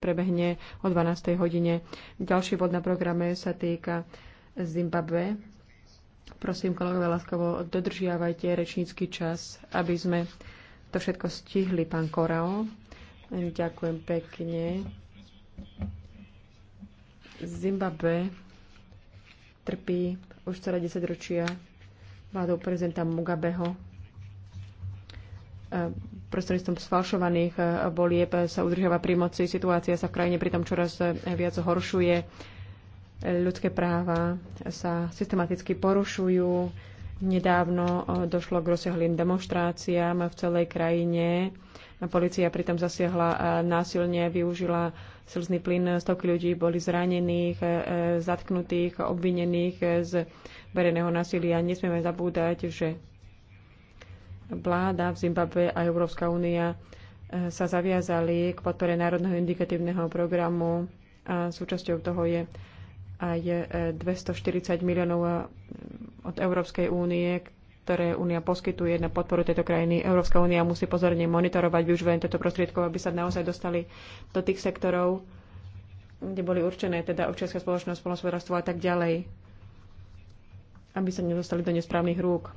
prebehne o 12. hodine. Ďalší bod na programe sa týka Zimbabwe. Prosím, kolegové, Láskovo, dodržiavajte rečnícky čas, aby sme to všetko stihli, pán Korao. Ďakujem pekne. Zimbabwe trpí už celé 10 ročia vládou prezidenta Mugabeho prostredníctvom sfalšovaných volieb eh, sa udržiava pri moci. Situácia sa v krajine pritom čoraz eh, viac horšuje. Ľudské práva sa systematicky porušujú. Nedávno eh, došlo k rozsiahlým demonstráciám v celej krajine. Polícia pritom zasiahla násilne, využila slzný plyn, stovky ľudí boli zranených, zatknutých, obvinených z verejného násilia. Nesmieme zabúdať, že vláda v Zimbabve a Európska únia e, sa zaviazali k podpore Národného indikatívneho programu a súčasťou toho je aj 240 e, miliónov e, od Európskej únie, ktoré únia poskytuje na podporu tejto krajiny. Európska únia musí pozorne monitorovať využívanie tohto prostriedkov, aby sa naozaj dostali do tých sektorov, kde boli určené, teda občianská spoločnosť, spoločnosť a tak ďalej, aby sa nedostali do nesprávnych rúk.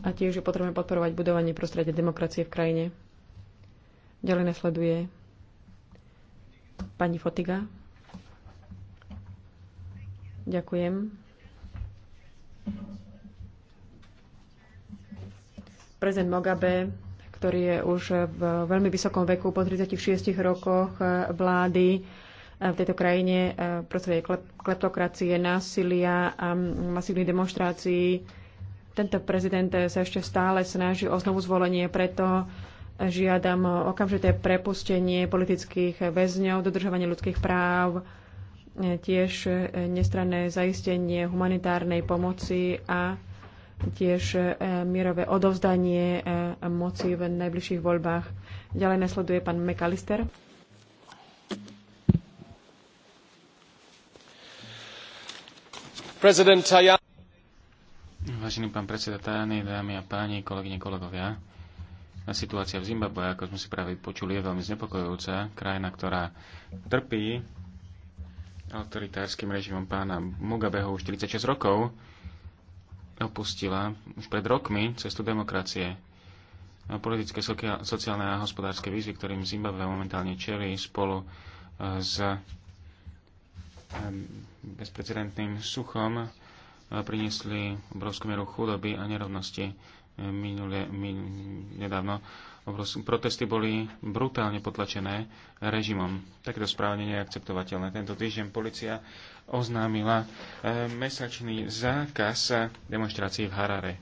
A tiež je potrebné podporovať budovanie prostredia demokracie v krajine. Ďalej nasleduje pani Fotiga. Ďakujem. Prezident Mogabe, ktorý je už v veľmi vysokom veku, po 36 rokoch vlády v tejto krajine eh, prostredie kleptokracie, násilia a masívnych demonstrácií tento prezident sa ešte stále snaží o znovu zvolenie, preto žiadam okamžité prepustenie politických väzňov, dodržovanie ľudských práv, tiež nestranné zaistenie humanitárnej pomoci a tiež e, mierové odovzdanie e, moci v najbližších voľbách. Ďalej nasleduje pán McAllister. President Tajani Vážený pán predseda Tajany, dámy a páni, kolegyne, kolegovia, situácia v Zimbabwe, ako sme si práve počuli, je veľmi znepokojujúca. Krajina, ktorá trpí autoritárskym režimom pána Mugabeho už 46 rokov, opustila už pred rokmi cestu demokracie. a Politické, sociálne a hospodárske výzvy, ktorým Zimbabwe momentálne čeli spolu e, s e, bezprecedentným suchom, priniesli obrovskú mieru chudoby a nerovnosti. Eh, minule, min, nedávno obrovskú, protesty boli brutálne potlačené režimom. Takéto správne neakceptovateľné. Tento týždeň policia oznámila eh, mesačný zákaz demonstrácií v Harare.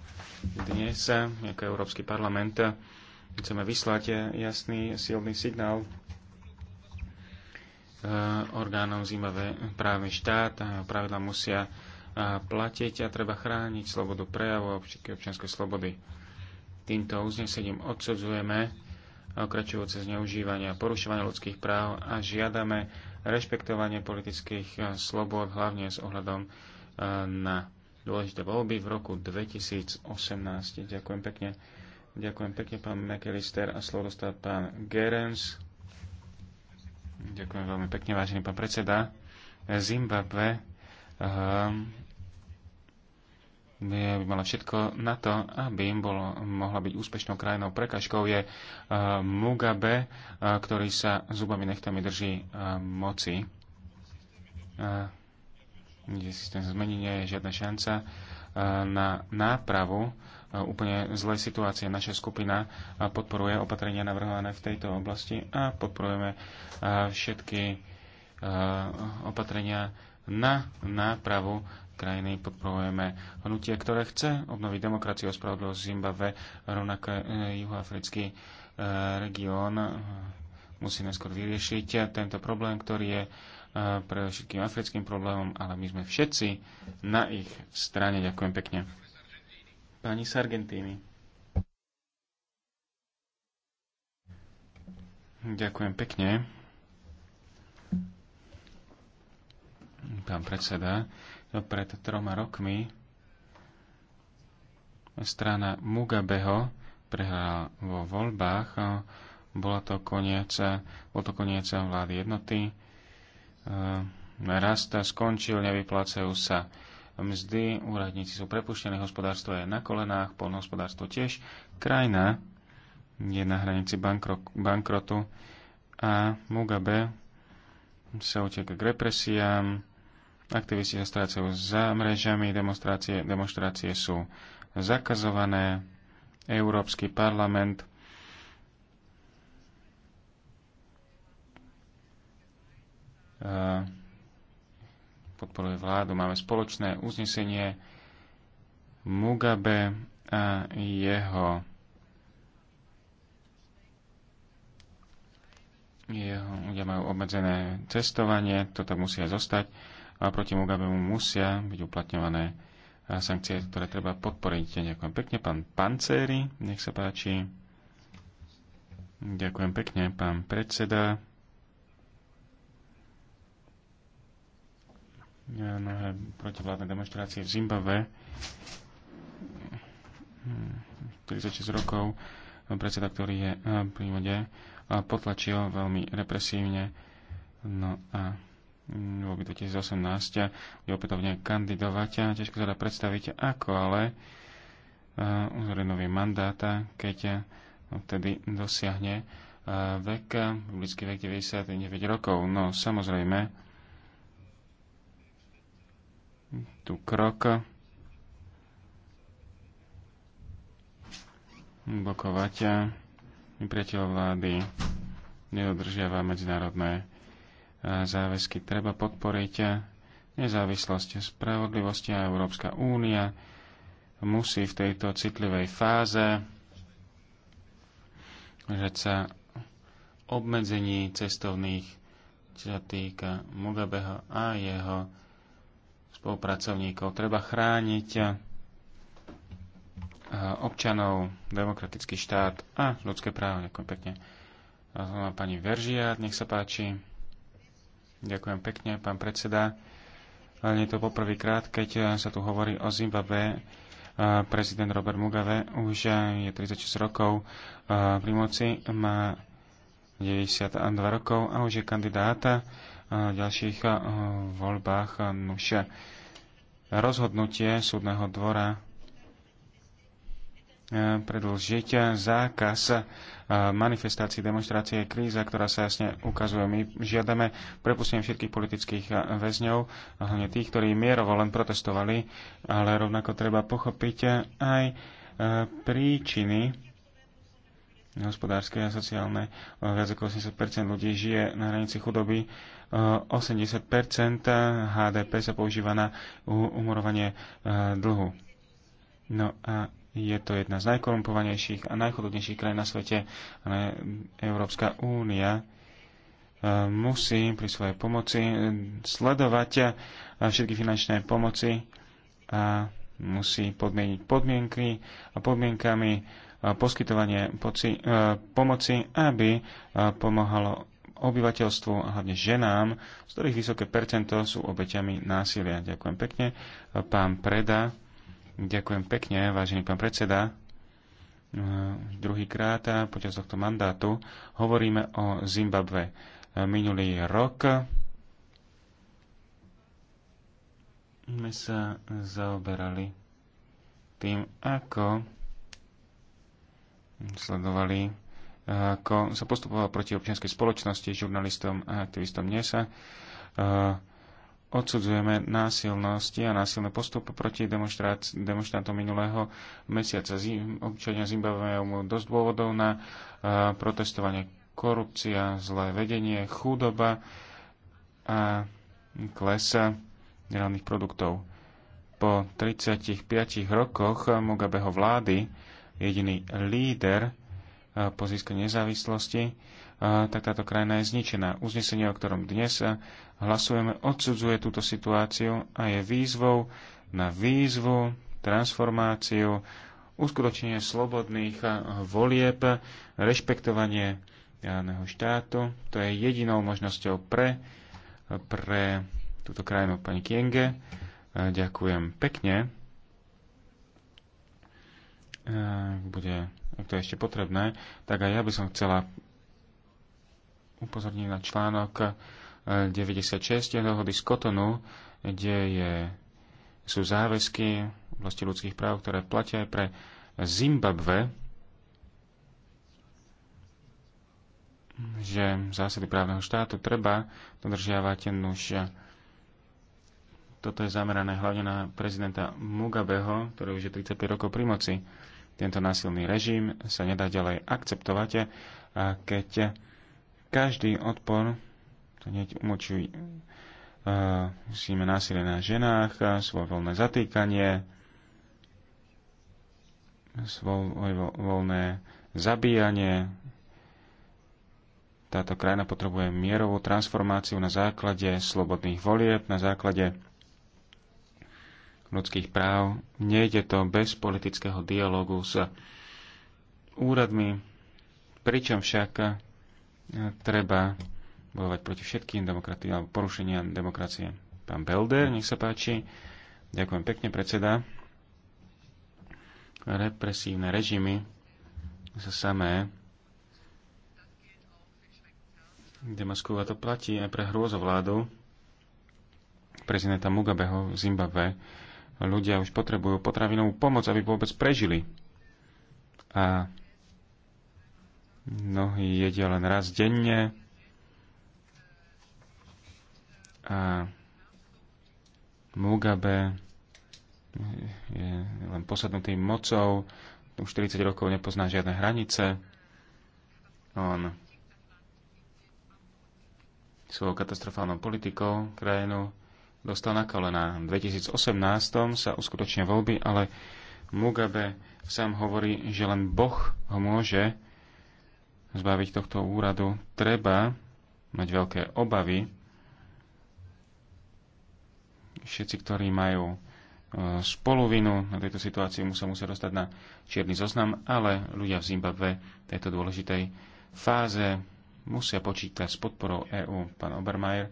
Dnes, eh, ako Európsky parlament, chceme vyslať jasný silný signál orgánom Zimbabwe právne štát. Pravidla musia platiť a treba chrániť slobodu prejavu a občianskej slobody. Týmto uznesením odsudzujeme okračujúce zneužívanie a porušovanie ľudských práv a žiadame rešpektovanie politických slobod, hlavne s ohľadom e, na dôležité voľby v roku 2018. Ďakujem pekne. Ďakujem pekne, pán McAllister. A slovo dostal pán Gerens. Ďakujem veľmi pekne, vážený pán predseda. Zimbabwe by mala všetko na to, aby im bolo, mohla byť úspešnou krajinou. Prekažkou je eh, Mugabe, eh, ktorý sa zubami nechtami drží eh, moci. Kde systém zmení, nie je žiadna šanca na nápravu úplne zlej situácie. Naša skupina podporuje opatrenia navrhované v tejto oblasti a podporujeme všetky opatrenia na nápravu krajiny podporujeme hnutie, ktoré chce obnoviť demokraciu a spravodlivosť Zimbabve, rovnako e, juhoafrický e, región e, musí neskôr vyriešiť tento problém, ktorý je pre všetkým africkým problémom, ale my sme všetci na ich strane. Ďakujem pekne. Pani Sargentini. Ďakujem pekne. pán predseda, no pred troma rokmi strana Mugabeho prehrala vo voľbách. Bola to koniec, bol to koniec vlády jednoty. Eh, Rasta skončil, nevyplácajú sa mzdy, úradníci sú prepuštení, hospodárstvo je na kolenách, polnohospodárstvo tiež. Krajina je na hranici bankro, bankrotu a Mugabe sa uteká k represiám, Aktivisti sa strácajú za mrežami, demonstrácie, demonstrácie sú zakazované. Európsky parlament podporuje vládu. Máme spoločné uznesenie Mugabe a jeho jeho ľudia majú obmedzené cestovanie, to tak musia zostať proti Mugabemu musia byť uplatňované sankcie, ktoré treba podporiť. Ďakujem pekne, pán Pancéry, nech sa páči. Ďakujem pekne, pán predseda. mnohé protivládne demonstrácie v Zimbabve. 36 hm, rokov predseda, ktorý je v prívode, potlačil veľmi represívne. No a v to 2018 bude opätovne kandidovať a ťažko sa dá predstaviť ako, ale eh, uzore nový mandáta, keď vtedy eh, dosiahne eh, vek, blízky vek 99 rokov. No samozrejme, tu krok blokovať nepriateľ vlády nedodržiava medzinárodné záväzky treba podporiť nezávislosť spravodlivosti a Európska únia musí v tejto citlivej fáze že sa obmedzení cestovných, čo sa týka Mugabeho a jeho spolupracovníkov. Treba chrániť občanov, demokratický štát a ľudské práva. Ďakujem pekne. A pani Veržia, nech sa páči. Ďakujem pekne, pán predseda. Len je to poprvýkrát, keď eh, sa tu hovorí o Zimbabve. Eh, prezident Robert Mugabe už eh, je 36 rokov pri moci, má 92 rokov a už je kandidáta v ďalších voľbách. Už rozhodnutie súdneho dvora E, predlžiť zákaz e, manifestácií, demonstrácie, kríza, ktorá sa jasne ukazuje. My žiadame prepustenie všetkých politických e, väzňov, hlavne tých, ktorí mierovo len protestovali, ale rovnako treba pochopiť aj príčiny hospodárske a sociálne. Viac ako 80% ľudí žije na hranici chudoby. 80% HDP sa používa na umorovanie dlhu. No a je to jedna z najkorumpovanejších a najchudobnejších krajín na svete. Ale Európska únia e, musí pri svojej pomoci sledovať e, všetky finančné pomoci a musí podmieniť podmienky a podmienkami e, poskytovanie poci, pomoci, aby pomohalo obyvateľstvu a hlavne ženám, z ktorých vysoké percento sú obeťami násilia. Ďakujem pekne. Pán Preda. Ďakujem pekne, vážený pán predseda. E, druhýkrát počas tohto mandátu hovoríme o Zimbabve. E, minulý rok sme sa zaoberali tým, ako sledovali, e, ako sa postupovalo proti občianskej spoločnosti, žurnalistom a aktivistom NESA. sa odsudzujeme násilnosti a násilné postupy proti demonstrantom minulého mesiaca. Zim, občania Zimbabwe majú dosť dôvodov na a, protestovanie korupcia, zlé vedenie, chudoba a klesa nerávnych produktov. Po 35 rokoch Mugabeho vlády jediný líder po získaní nezávislosti, tak táto krajina je zničená. Uznesenie, o ktorom dnes hlasujeme, odsudzuje túto situáciu a je výzvou na výzvu, transformáciu, uskutočnenie slobodných volieb, rešpektovanie daného štátu. To je jedinou možnosťou pre, pre túto krajinu pani Kienge. Ďakujem pekne. Bude ak to je ešte potrebné, tak aj ja by som chcela upozorniť na článok 96 eh, dohody z Kotonu, kde je, sú záväzky v oblasti ľudských práv, ktoré platia aj pre Zimbabve, že zásady právneho štátu treba dodržiavať, nuž eh, toto je zamerané hlavne na prezidenta Mugabeho, ktorý už je 35 rokov pri moci tento násilný režim sa nedá ďalej akceptovať, keď každý odpor to neď umočuj, uh, e, musíme násilie na ženách, voľné zatýkanie, voľné zabíjanie. Táto krajina potrebuje mierovú transformáciu na základe slobodných volieb, na základe ľudských práv. Nejde to bez politického dialogu s úradmi, pričom však eh, treba bojovať proti všetkým demokratiám alebo porušeniam demokracie. Pán Belder, nech sa páči. Ďakujem pekne, predseda. Represívne režimy sa samé demaskujú a to platí aj pre hrôzovládu prezidenta Mugabeho v Zimbabve Ľudia už potrebujú potravinovú pomoc, aby vôbec prežili. A mnohí jedia len raz denne. A Mugabe je len posadnutý mocou, už 40 rokov nepozná žiadne hranice. On svojou katastrofálnou politikou krajinu dostal na kolená. V 2018 sa uskutočnia voľby, ale Mugabe sám hovorí, že len Boh ho môže zbaviť tohto úradu. Treba mať veľké obavy. Všetci, ktorí majú e, spoluvinu na tejto situácii musia musia dostať na čierny zoznam, ale ľudia v Zimbabve v tejto dôležitej fáze musia počítať s podporou EÚ. Pán Obermajer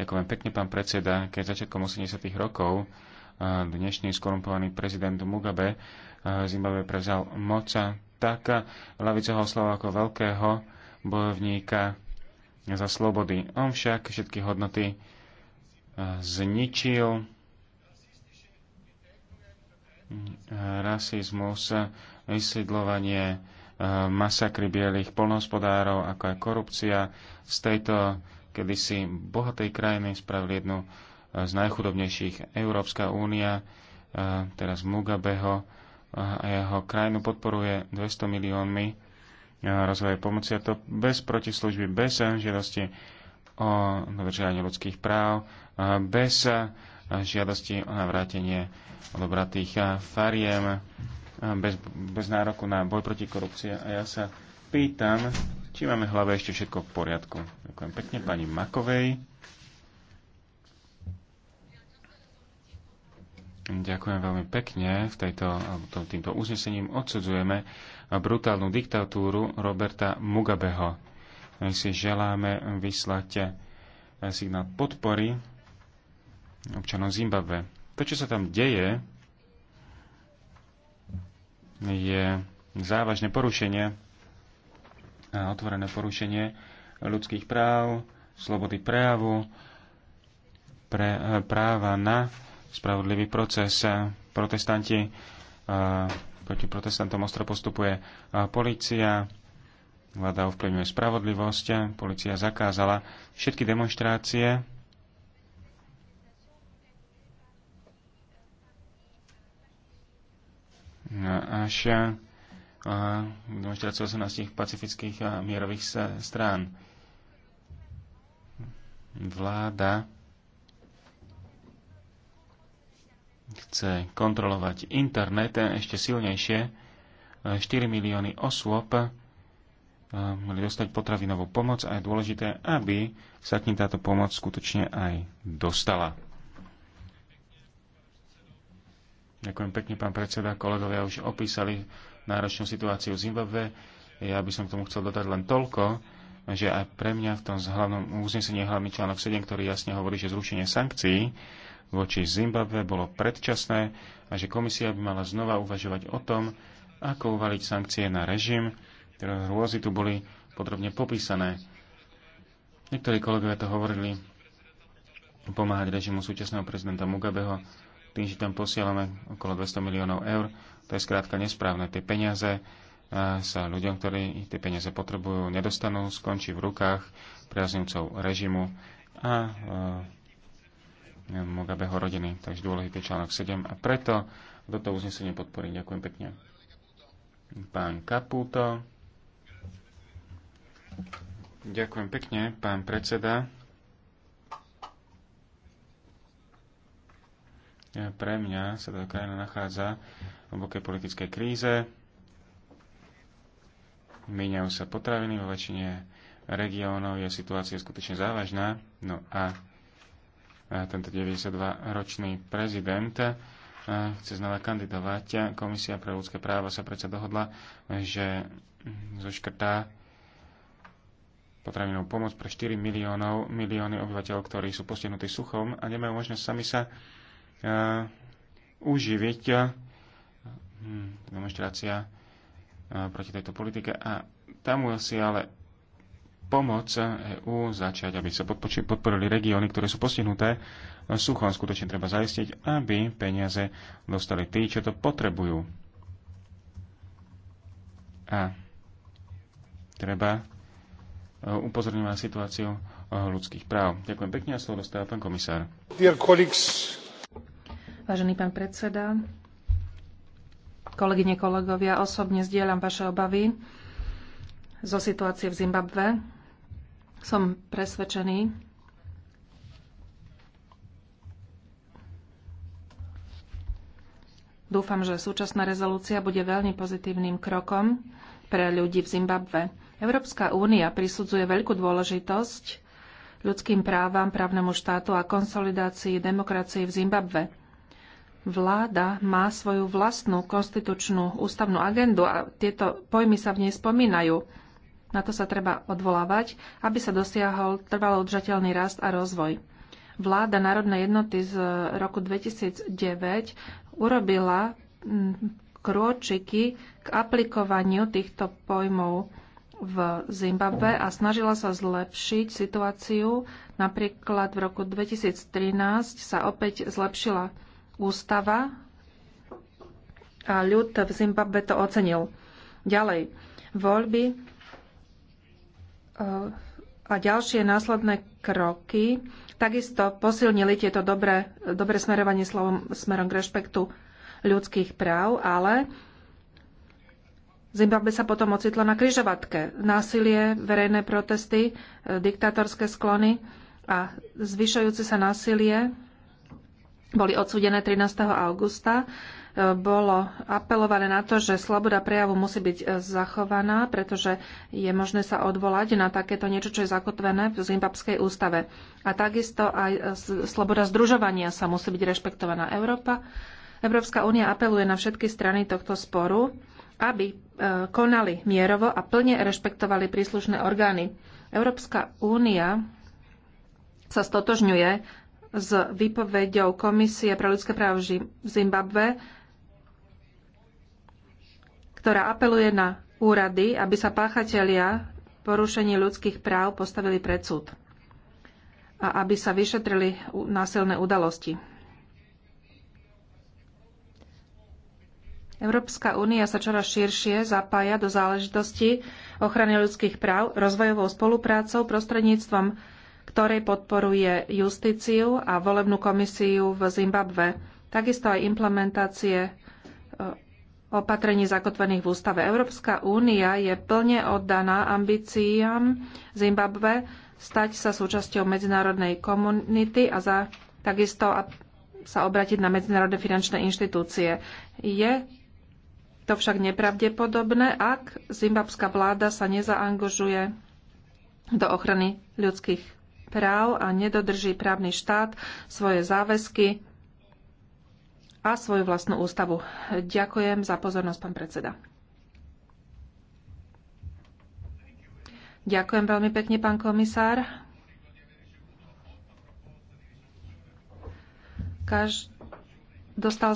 Ďakujem pekne, pán predseda. Keď začiatkom 80. rokov eh, dnešný skorumpovaný prezident Mugabe eh, Zimbabwe prevzal moca, tak Lavica ho slova ako veľkého bojovníka za slobody. On však všetky hodnoty eh, zničil. Rasizmus, vysiedlovanie, masakry bielých polnohospodárov, ako aj korupcia. Z tejto kedy si bohatej krajiny spravili jednu e, z najchudobnejších. Európska únia, e, teraz Mugabeho a jeho krajinu podporuje 200 miliónmi e, rozvoje pomoci a to bez protislužby, bez žiadosti o dodržiavanie ľudských práv, bez žiadosti o navrátenie odobratých fariem, bez, bez nároku na boj proti korupcii. A ja sa pýtam, či máme v hlave ešte všetko v poriadku. Ďakujem pekne pani Makovej. Ďakujem veľmi pekne. V tejto, týmto uznesením odsudzujeme brutálnu diktatúru Roberta Mugabeho. My si želáme vyslať eh, signál podpory občanom Zimbabwe. To, čo sa tam deje, je závažné porušenie a otvorené porušenie ľudských práv, slobody prejavu, pre, e, práva na spravodlivý proces. Protestanti, e, proti protestantom ostro postupuje e, policia, vláda ovplyvňuje spravodlivosť, policia zakázala všetky demonstrácie, no, až demonstráciu 18 pacifických a mierových strán. Vláda chce kontrolovať internet ešte silnejšie. 4 milióny osôb mali dostať potravinovú pomoc a je dôležité, aby sa k ním táto pomoc skutočne aj dostala. Ďakujem pekne, pán predseda. Kolegovia už opísali náročnú situáciu v Zimbabve. Ja by som k tomu chcel dodať len toľko, že aj pre mňa v tom hlavnom uznesení hlavný článok 7, ktorý jasne hovorí, že zrušenie sankcií voči Zimbabve bolo predčasné a že komisia by mala znova uvažovať o tom, ako uvaliť sankcie na režim, ktoré hrôzy tu boli podrobne popísané. Niektorí kolegovia to hovorili pomáhať režimu súčasného prezidenta Mugabeho tým, že tam posielame okolo 200 miliónov eur. To je skrátka nesprávne. Tie peniaze eh, sa ľuďom, ktorí tie peniaze potrebujú, nedostanú, skončí v rukách priaznivcov režimu a e, Mugabeho rodiny. Takže dôležitý článok 7. A preto toto uznesenie podporím. Ďakujem pekne. Pán Kaputo. Ďakujem pekne, pán predseda. E, pre mňa sa tá krajina nachádza v obokej politickej kríze. Míňajú sa potraviny vo väčšine regiónov, je situácia skutočne závažná. No a tento 92-ročný prezident e, chce znova kandidovať. Komisia pre ľudské práva sa predsa dohodla, že zoškrtá potravinovú pomoc pre 4 miliónov, milióny obyvateľov, ktorí sú postihnutí suchom a nemajú možnosť sami sa uživiť hm, demonstrácia proti tejto politike a tam si ale pomoc EÚ začať, aby sa podporili regióny, ktoré sú postihnuté suchom. Skutočne treba zaistiť, aby peniaze dostali tí, čo to potrebujú. A treba e, upozorňovať situáciu e, ľudských práv. Ďakujem pekne a slovo dostáva pán komisár. Dear colleagues, Vážený pán predseda, kolegyne, kolegovia, osobne zdieľam vaše obavy zo situácie v Zimbabve. Som presvedčený, Dúfam, že súčasná rezolúcia bude veľmi pozitívnym krokom pre ľudí v Zimbabve. Európska únia prisudzuje veľkú dôležitosť ľudským právam, právnemu štátu a konsolidácii demokracie v Zimbabve vláda má svoju vlastnú konstitučnú ústavnú agendu a tieto pojmy sa v nej spomínajú. Na to sa treba odvolávať, aby sa dosiahol trvalo udržateľný rast a rozvoj. Vláda Národnej jednoty z roku 2009 urobila mm, krôčiky k aplikovaniu týchto pojmov v Zimbabve a snažila sa zlepšiť situáciu. Napríklad v roku 2013 sa opäť zlepšila ústava a ľud v Zimbabve to ocenil. Ďalej, voľby e, a ďalšie následné kroky takisto posilnili tieto dobré, dobré smerovanie slovom, smerom k rešpektu ľudských práv, ale Zimbabwe sa potom ocitlo na kryžovatke. Násilie, verejné protesty, e, diktátorské sklony a zvyšujúce sa násilie boli odsudené 13. augusta. E, bolo apelované na to, že sloboda prejavu musí byť e, zachovaná, pretože je možné sa odvolať na takéto niečo, čo je zakotvené v Zimbabskej ústave. A takisto aj e, sloboda združovania sa musí byť rešpektovaná. Európa, Európska únia apeluje na všetky strany tohto sporu, aby konali mierovo a plne rešpektovali príslušné orgány. Európska únia sa stotožňuje s výpovedou Komisie pre ľudské práva v Zimbabve, ktorá apeluje na úrady, aby sa páchatelia porušení ľudských práv postavili pred súd a aby sa vyšetrili násilné udalosti. Európska únia sa čoraz širšie zapája do záležitosti ochrany ľudských práv rozvojovou spoluprácou prostredníctvom ktorej podporuje justíciu a volebnú komisiu v Zimbabve, takisto aj implementácie e, opatrení zakotvených v ústave. Európska únia je plne oddaná ambíciám Zimbabve stať sa súčasťou medzinárodnej komunity a za, takisto sa obratiť na medzinárodné finančné inštitúcie. Je to však nepravdepodobné, ak zimbabská vláda sa nezaangažuje do ochrany ľudských práv a nedodrží právny štát, svoje záväzky a svoju vlastnú ústavu. Ďakujem za pozornosť, pán predseda. Ďakujem veľmi pekne, pán komisár. Kaž... Dostal